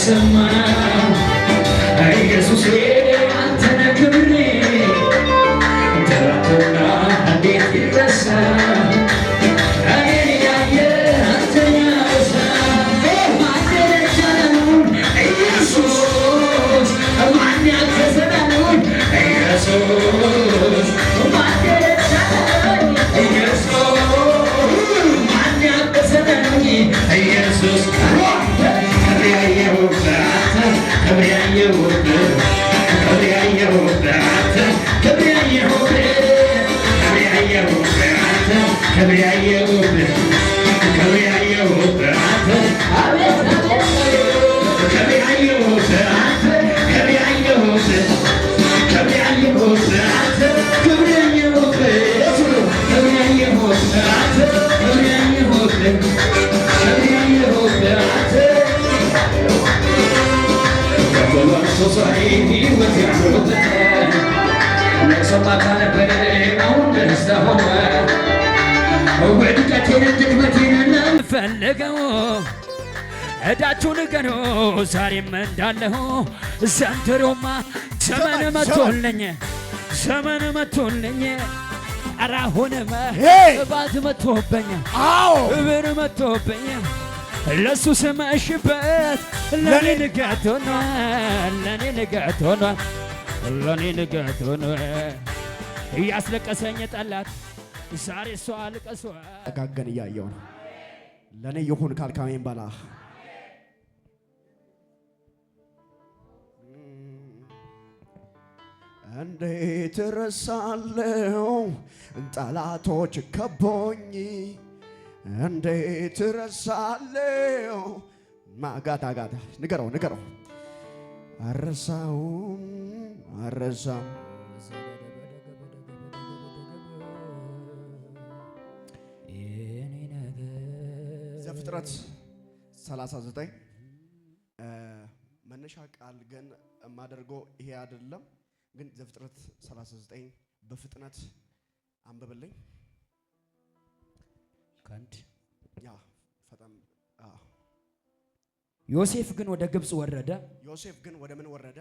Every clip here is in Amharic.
semana. ሕይወት የተወደደ ለሰው ፈልገው እዳችሁ ንገኑ ዛሬም እንዳለሁ ዘንድሮማ ዘመን መቶልኝ ዘመን መቶልኝ አራ እባት መቶበኛ ብር መቶበኛ ለሱ ስም እሽበት ለኔ ንጋት ሆኗል፣ ለኔ ንጋት ሆኗል፣ ለኔ ንጋት ሆኗል። እያስለቀሰኝ ጠላት ዛሬ እሷ አልቀሷ ጋገን እያየው ነው ለእኔ ይሁን ካልካሜን በላ እንዴት ረሳለው ጠላቶች ከቦኝ እንዴት ረሳለው ማጋታ ጋታ ንገረው ንገረው አረሳውም አረሳው ዘፍጥረት 39 መነሻ ቃል ግን የማደርገው ይሄ አይደለም ግን ዘፍጥረት 39 በፍጥነት አንብብልኝ ሰከንድ ዮሴፍ ግን ወደ ግብፅ ወረደ። ዮሴፍ ግን ወደ ምን ወረደ?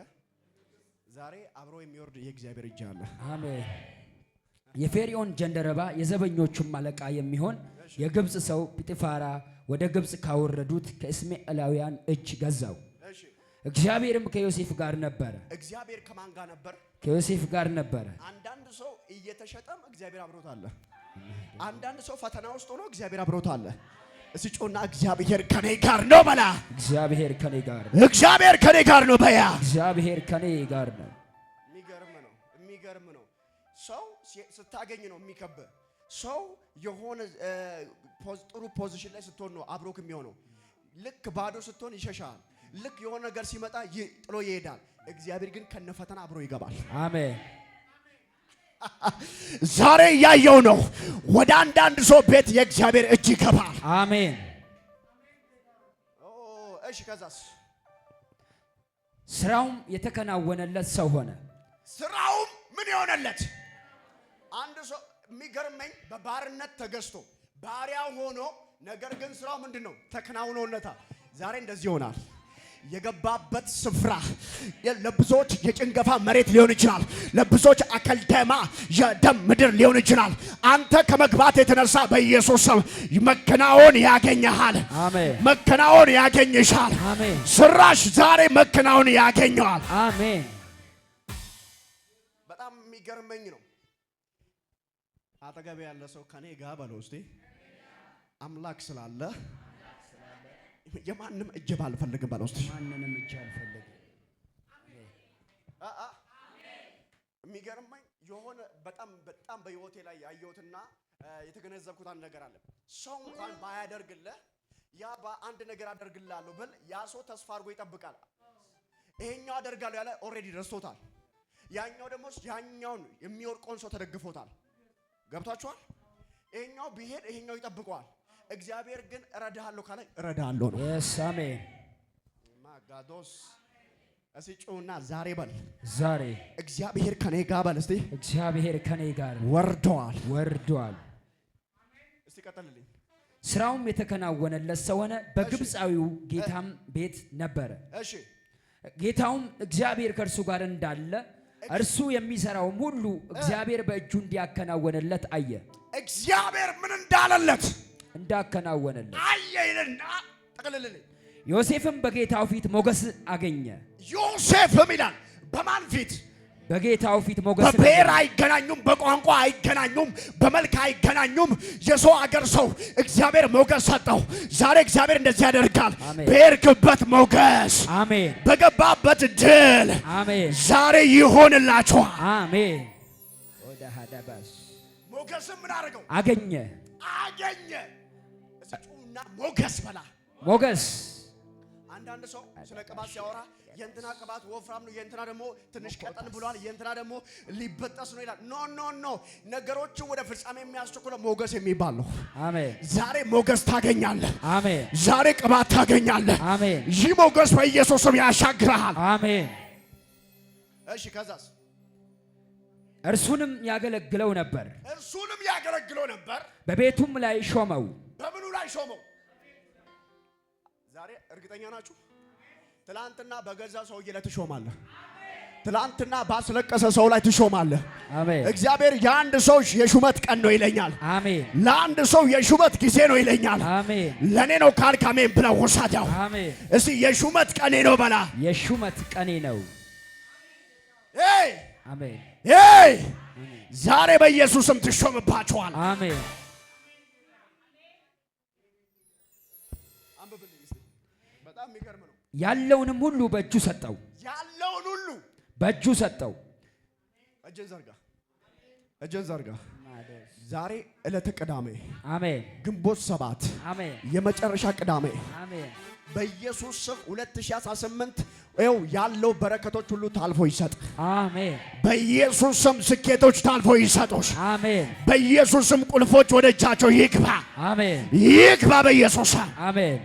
ዛሬ አብሮ የሚወርድ የእግዚአብሔር እጅ አለ። አሜን። የፌሪዮን ጀንደረባ የዘበኞቹም አለቃ የሚሆን የግብፅ ሰው ጲጥፋራ ወደ ግብፅ ካወረዱት ከእስማኤላውያን እጅ ገዛው። እግዚአብሔርም ከዮሴፍ ጋር ነበረ። እግዚአብሔር ከማን ጋር ነበር? ከዮሴፍ ጋር ነበረ። አንዳንድ ሰው እየተሸጠም እግዚአብሔር አብሮት አለ። አንዳንድ ሰው ፈተና ውስጥ ሆኖ እግዚአብሔር አብሮት አለ። እስቲ ጮና እግዚአብሔር ከኔ ጋር ነው በላ። እግዚአብሔር ከኔ ጋር ነው። እግዚአብሔር ከኔ ጋር ነው በያ። እግዚአብሔር ከኔ ጋር ነው። የሚገርም ነው። የሚገርም ነው። ሰው ስታገኝ ነው የሚከብ ሰው የሆነ ጥሩ ፖዚሽን ላይ ስትሆን ነው አብሮክ የሚሆነው። ልክ ባዶ ስትሆን ይሸሻል። ልክ የሆነ ነገር ሲመጣ ጥሎ ይሄዳል። እግዚአብሔር ግን ከነፈተና አብሮ ይገባል። አሜን። ዛሬ እያየው ነው። ወደ አንዳንድ ሰው ቤት የእግዚአብሔር እጅ ይገባል። አሜን። እሺ፣ ከዛስ ስራውም የተከናወነለት ሰው ሆነ። ስራውም ምን የሆነለት አንድ ሰው የሚገርመኝ በባርነት ተገዝቶ ባሪያ ሆኖ ነገር ግን ስራው ምንድን ነው? ተከናውኖለታል። ዛሬ እንደዚህ ይሆናል። የገባበት ስፍራ ለብዙዎች የጭንገፋ መሬት ሊሆን ይችላል። ለብዙዎች አከልደማ የደም ምድር ሊሆን ይችላል። አንተ ከመግባት የተነሳ በኢየሱስ ስም መከናወን ያገኘሃል። መከናወን ያገኝሻል። ስራሽ ዛሬ መከናወን ያገኘዋል። አሜን። በጣም የሚገርመኝ ነው። አጠገብ ያለ ሰው ከኔ ጋር በለው እስቲ አምላክ ስላለ የማንም እጅ ባልፈልግም ባለው እስቲ ማንንም እጅ አልፈልግም። የሚገርመኝ የሆነ በጣም በጣም በህይወቴ ላይ ያየሁትና የተገነዘብኩት አንድ ነገር አለ። ሰው እንኳን ባያደርግልህ ያ በአንድ ነገር አደርግልሃለሁ ብል ያ ሰው ተስፋ አድርጎ ይጠብቃል። ይሄኛው አደርጋለሁ ያለ ኦልሬዲ ደርሶታል። ያኛው ደግሞ ያኛውን የሚወርቀውን ሰው ተደግፎታል። ገብቷችኋል? ይሄኛው ቢሄድ ይሄኛው ይጠብቀዋል። እግዚአብሔር ግን እረዳሃለሁ ካለ እረዳሃለሁ ነው። አሜን። ማጋዶስ እስቲ ጩና ዛሬ በል ዛሬ እግዚአብሔር ከኔ ጋር በል እስቲ እግዚአብሔር ከኔ ጋር ወርዷል ወርዷል። እስቲ ቀጥልልኝ። ስራውም የተከናወነለት ሰው ሆነ፣ በግብፃዊው ጌታም ቤት ነበረ። እሺ ጌታውም እግዚአብሔር ከእርሱ ጋር እንዳለ እርሱ የሚሰራውም ሁሉ እግዚአብሔር በእጁ እንዲያከናወንለት አየ። እግዚአብሔር ምን እንዳለለት እንዳከናወነለት አየ ይልና ጠቅልልልኝ። ዮሴፍም በጌታው ፊት ሞገስ አገኘ። ዮሴፍም ይላል በማን ፊት? በጌታው ፊት ሞገስ። በብሔር አይገናኙም፣ በቋንቋ አይገናኙም፣ በመልክ አይገናኙም። የሰው አገር ሰው እግዚአብሔር ሞገስ ሰጠው። ዛሬ እግዚአብሔር እንደዚህ ያደርጋል። በሄድክበት ሞገስ፣ አሜን። በገባበት ድል፣ አሜን። ዛሬ ይሆንላችኋል። አሜን። ሞገስም ምን አደረገው? አገኘ ሞገስ በላ ሞገስ አንዳንድ ሰው ስለ ቅባት ሲያወራ የእንትና ቅባት ወፍራም ነው፣ የእንትና ደግሞ ትንሽ ቀጠን ብሏል፣ የእንትና ደግሞ ሊበጠስ ነው ይላል። ኖ ኖ ኖ ነገሮቹ ወደ ፍጻሜ የሚያስቸኩለው ሞገስ የሚባል ነው። አሜን። ዛሬ ሞገስ ታገኛለህ። አሜን። ዛሬ ቅባት ታገኛለህ። አሜን። ይህ ሞገስ በኢየሱስ ስም ያሻግርሃል። አሜን። እሺ፣ ከዛስ እርሱንም ያገለግለው ነበር፣ እርሱንም ያገለግለው ነበር፣ በቤቱም ላይ ሾመው በምኑ ላይ ሾመው? ዛሬ እርግጠኛ ናችሁ? ትላንትና በገዛ ሰውዬ ላይ ትሾማለህ። ትላንትና ባስለቀሰ ሰው ላይ ትሾማለህ። እግዚአብሔር የአንድ ሰው የሹመት ቀን ነው ይለኛል። አሜን። ለአንድ ሰው የሹመት ጊዜ ነው ይለኛል። አሜን። ለኔ ነው ካልክ አሜን ብለው ወሳጃው። አሜን። የሹመት ቀኔ ነው በላ። የሹመት ቀኔ ነው። አሜን። ዛሬ በኢየሱስም ትሾምባችኋል። አሜን። ያለውንም ሁሉ በእጁ ሰጠው። ያለውን ሁሉ በእጁ ሰጠው። እጅን ዘርጋ፣ እጅን ዘርጋ። ዛሬ ዕለተ ቅዳሜ አሜን፣ ግንቦት ሰባት የመጨረሻ ቅዳሜ አሜን። በኢየሱስ ስም 2018 ይኸው ያለው በረከቶች ሁሉ ታልፎ ይሰጥ። አሜን። በኢየሱስ ስም ስኬቶች ታልፎ ይሰጡሽ። አሜን። በኢየሱስ ስም ቁልፎች ወደ እጃቸው ይግባ። አሜን። ይግባ በኢየሱስ ስም አሜን።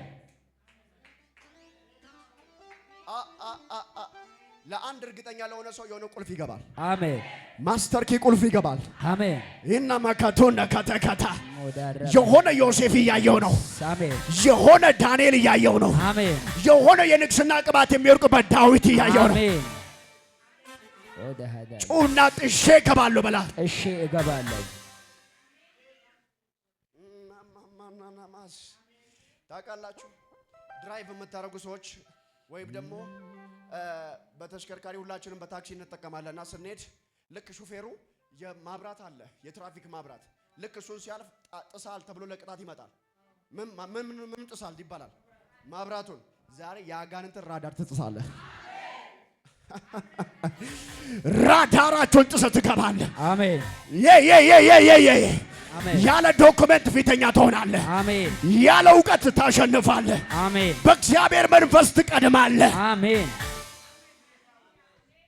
ለአንድ እርግጠኛ ለሆነ ሰው የሆነ ቁልፍ ይገባል። አሜን። ማስተር ኪ ቁልፍ ይገባል። አሜን። ይህና ማካቶ ነከተከታ የሆነ ዮሴፍ እያየው ነው። የሆነ ዳንኤል እያየው ነው። የሆነ የንግስና ቅባት የሚወርቅበት ዳዊት እያየው ነው። ጩና ጥሼ እገባለሁ በላ ጥሼ እገባለሁ። ታውቃላችሁ ድራይቭ የምታደርጉ ሰዎች ወይም ደግሞ በተሽከርካሪ ሁላችንም በታክሲ እንጠቀማለን እና ስንሄድ ልክ ሹፌሩ የማብራት አለ የትራፊክ ማብራት ልክ እሱን ሲያልፍ ጥሳል ተብሎ ለቅጣት ይመጣል። ምን ምን ጥሳል ይባላል? ማብራቱን ዛሬ የአጋንንትን ራዳር ትጥሳለህ። ራዳራቸውን ጥሰህ ትገባለህ። ያለ ዶኩመንት ፊተኛ ትሆናለህ። አሜን። ያለ እውቀት ታሸንፋለ በእግዚአብሔር መንፈስ ትቀድማለህ። አሜን።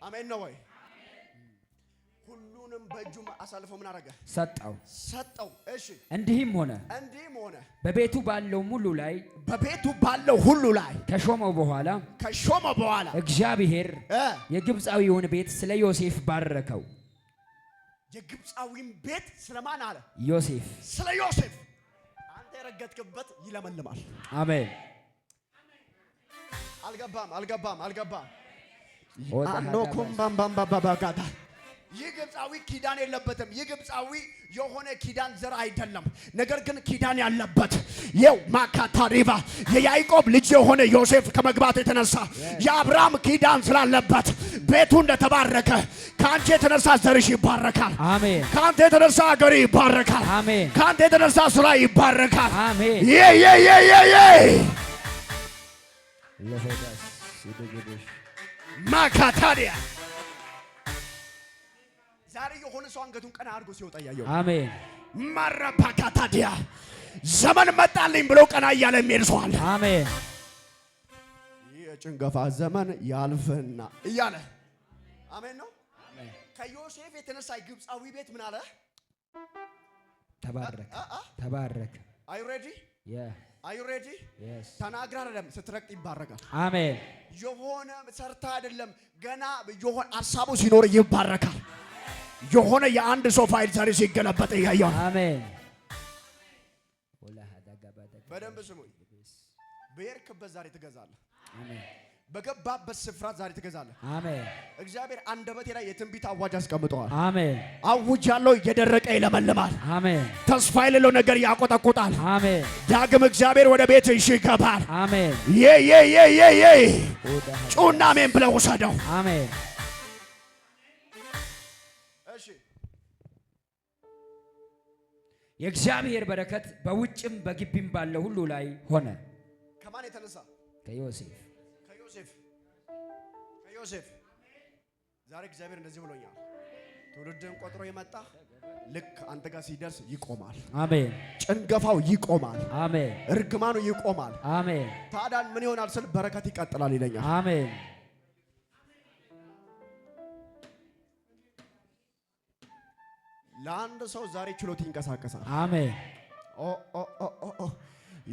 አሜን ነው ወይ? ሁሉንም በእጁ አሳልፎ ምን አረገ? ሰጠው ሰጠው። እሺ እንዲህም ሆነ እንዲህም ሆነ በቤቱ ባለው ሙሉ ላይ በቤቱ ባለው ሁሉ ላይ ከሾመው በኋላ ከሾመው በኋላ እግዚአብሔር የግብፃዊውን ቤት ስለ ዮሴፍ ባረከው። የግብፃዊን ቤት ስለማን አለ? ዮሴፍ። ስለ ዮሴፍ አንተ የረገጥክበት ይለመልማል። አሜን። አልገባም አልገባም አልገባም። አንዶኩም ባምባምባባጋታ ይህ ግብፃዊ ኪዳን የለበትም። ይህ ግብፃዊ የሆነ ኪዳን ዘር አይደለም። ነገር ግን ኪዳን ያለበት የው ማካታሪባ የያዕቆብ ልጅ የሆነ ዮሴፍ ከመግባት የተነሳ የአብርሃም ኪዳን ስላለበት ቤቱ እንደተባረከ ከአንቺ የተነሳ ዘርሽ ይባረካል። አሜን። ከአንተ የተነሳ ሀገር ይባረካል። አሜን። ከአንተ የተነሳ ስራ ይባረካል። አሜን። የ ዛሬ የሆነ ሰው አንገቱን ቀና አድርጎ ሲወጣ ያየው። አሜን። ማራፓካታዲያ ዘመን መጣልኝ ብሎ ቀና እያለ የሚሄድ ሰው አለ። አሜን። የጭንገፋ ዘመን ያልፍና እያለ አሜን ነው። ከዮሴፍ የተነሳ ግብፃዊ ቤት ምን አለ? ተባረከ ተባረከ። አይ ሬዲ አይ ሬዲ ተናግራ አይደለም ስትረግጥ ይባረካል። አሜን። የሆነ ሰርታ አይደለም ገና የሆነ ሀሳቡ ሲኖር ይባረካል። የሆነ የአንድ ሰው ፋይል ዛሬ ሲገለበጥ እያየሁ ነው። አሜን። በደንብ ስሙኝ። በሄድክበት ዛሬ ትገዛለህ። አሜን። በገባበት ስፍራ ዛሬ ትገዛለህ። አሜን። እግዚአብሔር አንደበቴ ላይ የትንቢት አዋጅ አስቀምጠዋል። አሜን። አውጅ ያለው እየደረቀ ይለመልማል። አሜን። ተስፋ የሌለው ነገር ያቆጠቁጣል። አሜን። ዳግም እግዚአብሔር ወደ ቤት እሺ ይገባል። አሜን። ጩና አሜን ብለው ውሰደው። አሜን። የእግዚአብሔር በረከት በውጭም በግቢም ባለው ሁሉ ላይ ሆነ። ከማን የተነሳ? ከዮሴፍ ከዮሴፍ ከዮሴፍ። ዛሬ እግዚአብሔር እንደዚህ ብሎኛል፣ ትውልድን ቆጥሮ የመጣ ልክ አንተ ጋር ሲደርስ ይቆማል። አሜን። ጭንገፋው ይቆማል። አሜን። እርግማኑ ይቆማል። አሜን። ታዳን ምን ይሆናል ስል በረከት ይቀጥላል ይለኛል። አሜን። አንድ ሰው ዛሬ ችሎት ይንቀሳቀሳል። አሜን።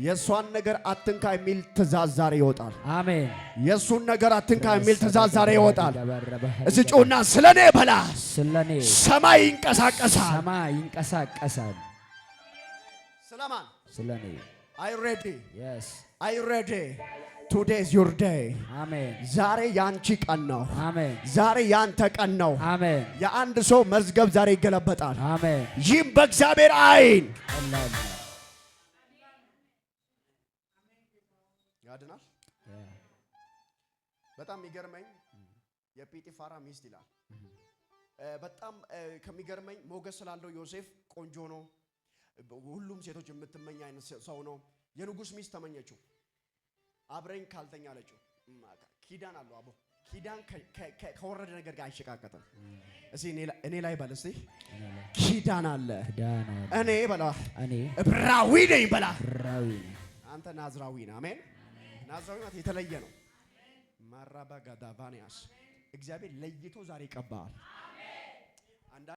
የእሷን ነገር አትንካ የሚል ትእዛዝ ዛሬ ይወጣል። አሜን። የእሱን ነገር አትንካ የሚል ትእዛዝ ዛሬ ይወጣል። እዚ ጩና ስለኔ በላ ስለኔ ሰማይ ይንቀሳቀሳል። ሰማይ ይንቀሳቀሳል። ስለማን? ስለኔ አይ ሬዲ? የስ አይ ሬዲ ቱዴዝ ዩር ዴይ ዛሬ ያንቺ ቀን ነው። ዛሬ ያንተ ቀን ነው። የአንድ ሰው መዝገብ ዛሬ ይገለበጣል። ይህም በእግዚአብሔር አይን ያድናል። በጣም የሚገርመኝ የጲጢፋራ ሚስት ይላል። mm-hmm. በጣም ከሚገርመኝ ሞገስ ስላለው ዮሴፍ ቆንጆ ነው። ሁሉም ሴቶች የምትመኝ አይነት ሰው ነው። የንጉስ ሚስት ተመኘችው። አብረኝ ካልተኛ አለችው። ኪዳን አለው አቦ ኪዳን ከወረደ ነገር ጋር አይሸቃቀጥም። እስኪ እኔ ላይ በል እስኪ ኪዳን አለ እኔ በላ እብራዊ ነኝ በላ አንተ ናዝራዊ ነህ። አሜን። ናዝራዊ ማለት የተለየ ነው። ማራባ ጋዳቫንያስ እግዚአብሔር ለይቶ ዛሬ ይቀባሃል።